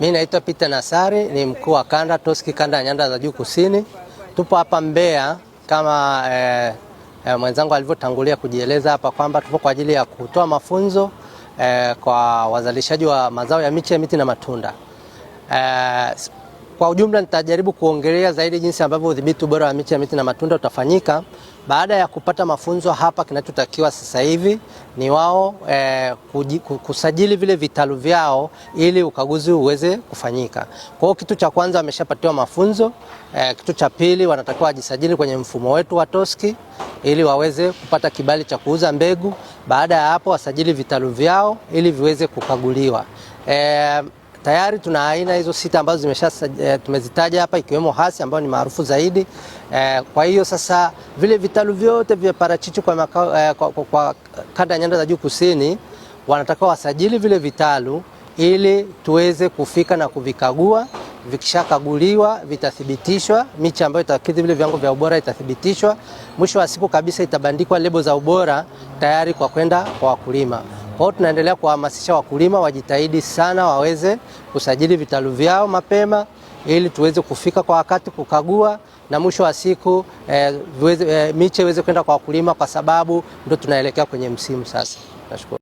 Mimi naitwa Peter Nasari, ni mkuu wa kanda Toski, kanda ya nyanda za juu kusini. Tupo hapa Mbeya kama eh, eh, mwenzangu alivyotangulia kujieleza hapa kwamba tupo kwa ajili ya kutoa mafunzo eh, kwa wazalishaji wa mazao ya miche ya miti na matunda eh, kwa ujumla nitajaribu kuongelea zaidi jinsi ambavyo udhibiti ubora wa miche ya miti na matunda utafanyika baada ya kupata mafunzo hapa. Kinachotakiwa sasa hivi ni wao eh, kusajili vile vitalu vyao ili ukaguzi uweze kufanyika. Kwa hiyo kitu cha kwanza wameshapatiwa mafunzo eh, kitu cha pili wanatakiwa wajisajili kwenye mfumo wetu wa TOSCI ili waweze kupata kibali cha kuuza mbegu. Baada ya hapo wasajili vitalu vyao ili viweze kukaguliwa eh, tayari tuna aina hizo sita ambazo zimesha e, tumezitaja hapa ikiwemo hasi ambayo ni maarufu zaidi e. Kwa hiyo sasa vile vitalu vyote vya parachichi kwa, maka, e, eh, kwa, kwa, kwa kanda ya nyanda za juu kusini wanatakiwa wasajili vile vitalu ili tuweze kufika na kuvikagua. Vikishakaguliwa vitathibitishwa, miche ambayo itakidhi vile viwango vya ubora itathibitishwa, mwisho wa siku kabisa itabandikwa lebo za ubora tayari kwa kwenda kwa wakulima. Kwa hiyo tunaendelea kuwahamasisha wakulima wajitahidi sana, waweze kusajili vitalu vyao mapema ili tuweze kufika kwa wakati kukagua na mwisho wa siku e, e, miche iweze kwenda kwa wakulima, kwa sababu ndio tunaelekea kwenye msimu sasa. Nashukuru.